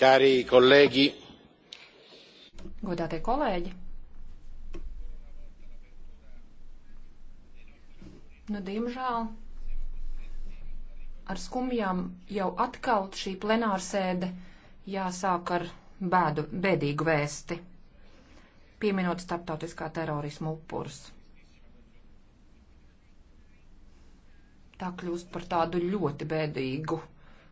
Cari kolēģi. Godātie kolēģi. Nu, diemžēl ar skumjām jau atkal šī plenārsēde jāsāk ar bēdu, bēdīgu vēsti, pieminot starptautiskā terorismu upurus. Tā kļūst par tādu ļoti bēdīgu